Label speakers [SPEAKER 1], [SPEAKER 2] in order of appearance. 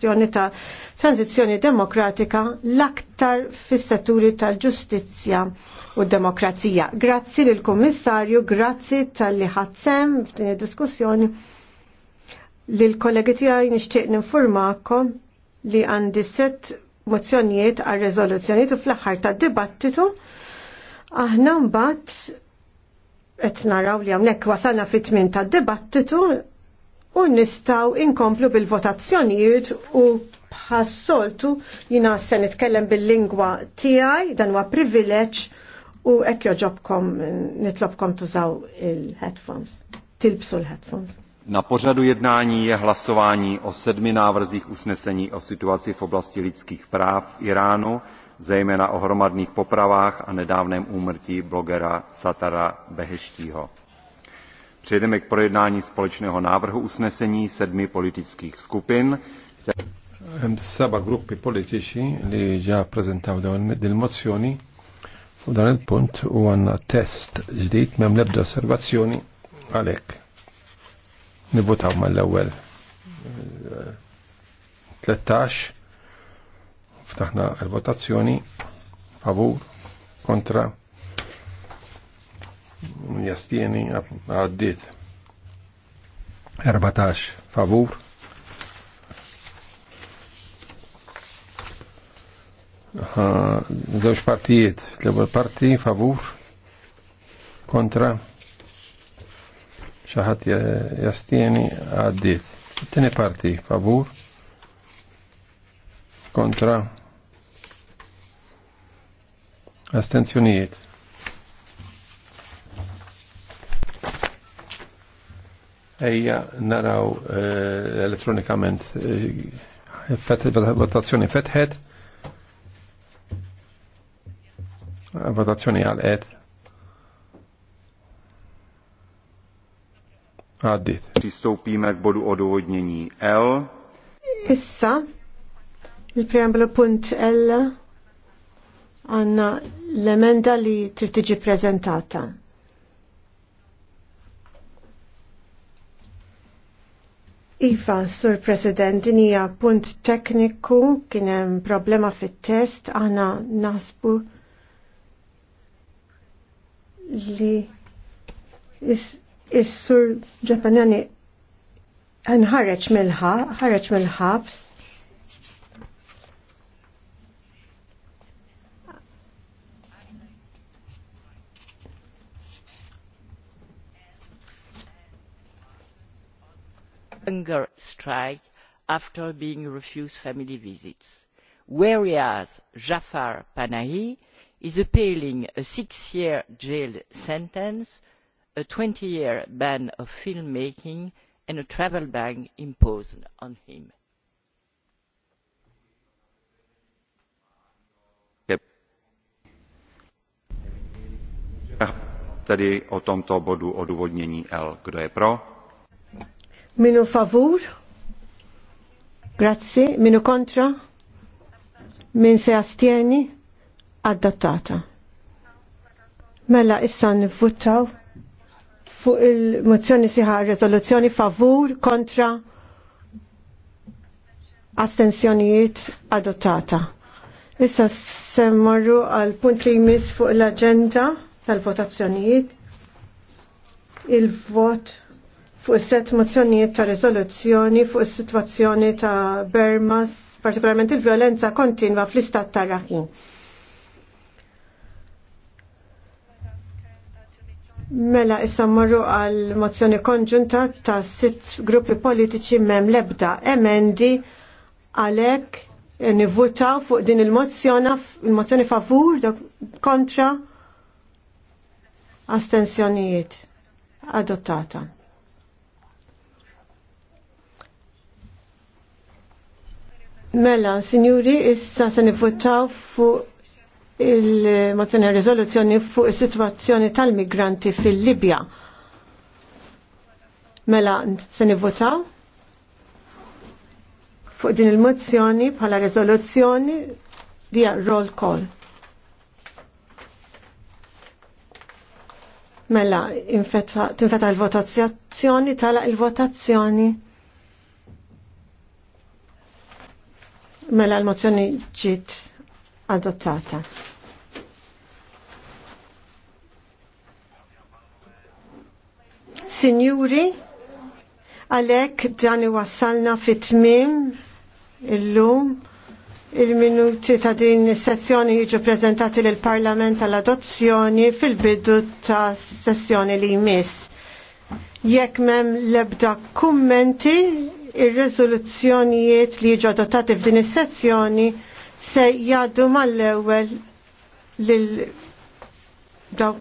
[SPEAKER 1] kwestjoni ta' tranzizjoni demokratika l-aktar fis-setturi tal-ġustizzja u demokrazija. Grazzi lill kummissarju grazzi tal-li ħadsem f'din id-diskussjoni lil kollegi tiegħi nixtieq ninformakom li għandi sett mozzjonijiet għal reżoluzzjonijiet u fl-aħħar tad-dibattitu aħna mbagħad qed naraw li hawnhekk wasalna fit-tmien tad-dibattitu u nistaw inkomplu bil-votazzjonijiet u bħassoltu jina se nitkellem bil-lingwa tiegħi dan huwa privileġġ u hekk joġobkom nitlobkom tużaw il-headphones. Tilbsu l-headphones.
[SPEAKER 2] Na pořadu jednání je hlasování o sedmi návrzích usnesení o situaci v oblasti lidských práv v Iránu, zejména o hromadných popravách a nedávném úmrtí blogera Satara Beheštího. Přejdeme k projednání společného návrhu usnesení sedmi politických skupin. seba gruppi politici li ġa prezentaw dawn
[SPEAKER 3] il-mozzjoni u dan il-punt u għanna test ġdid mem lebda osservazzjoni għalek. Nivutaw mal-ewwel 13 eh, ftaħna l-votazzjoni favur kontra jastieni għaddit 14 favur Zewġ partijiet, l-ewwel parti favur kontra xi ħadd jastieni għaddiet. Tieni parti favur kontra astenzjonijiet. ejja naraw eh, elettronikament eh, votazzjoni fetħet votazzjoni għal ed
[SPEAKER 2] għaddit Pristoupíme k għodu għodnjeni L.
[SPEAKER 1] Issa, il-preambolo punt L għanna l-emenda li trittiġi tiġi prezentata. Iva, Sur President, din hija punt tekniku, kien hemm problema fit-test, aħna nasbu li is-Sur Ġapanjani ħareġ mill-ħabs hunger strike after being refused family visits. Whereas Jafar Panahi is appealing a six-year jail sentence, a 20-year ban of filmmaking, and a travel ban imposed on him.
[SPEAKER 2] Tedy o tomto bodu odůvodnění L. Kdo je pro?
[SPEAKER 1] Minu favur? Grazzi. Minu kontra? Min se astieni? Adattata. Mela issa nivvutaw fuq il-mozzjoni siħa rezoluzzjoni favur kontra astensjonijiet adottata. Issa semmarru għal punt li jmiss fuq l-agenda tal-votazzjonijiet. Il-vot fuq set mozzjonijiet ta' rezoluzzjoni fuq is-sitwazzjoni ta' Bermas, partikolarment il-violenza kontinwa fl-istat ta' Rakhine. Mela issa mmorru għal mozzjoni konġunta ta' sitt gruppi politiċi mem lebda emendi għalek nivvuta fuq din il-mozzjoni il-mozzjoni favur kontra astensjonijiet adottata. Mela, sinjuri, issa se nivvotaw fuq il-mozzjoni riżoluzzjoni fuq is-sitwazzjoni tal-migranti fil-Libja. Mela, se nivvotaw fuq din il-mozzjoni bħala riżoluzzjoni di roll call. Mela, tinfeta l-votazzjoni tala il-votazzjoni. Mela l-mozzjoni ġiet adottata. Signuri, għalek dan wassalna fit-tmim illum il-minuti ta' din is jiġu prezentati lill parlament għall-adozzjoni fil-bidu ta' sessjoni li jmiss. Jekk mem lebda kummenti ir-rezoluzzjonijiet li jiġu adottati f'din is-sezzjoni se jgħaddu mal-ewwel lil dawk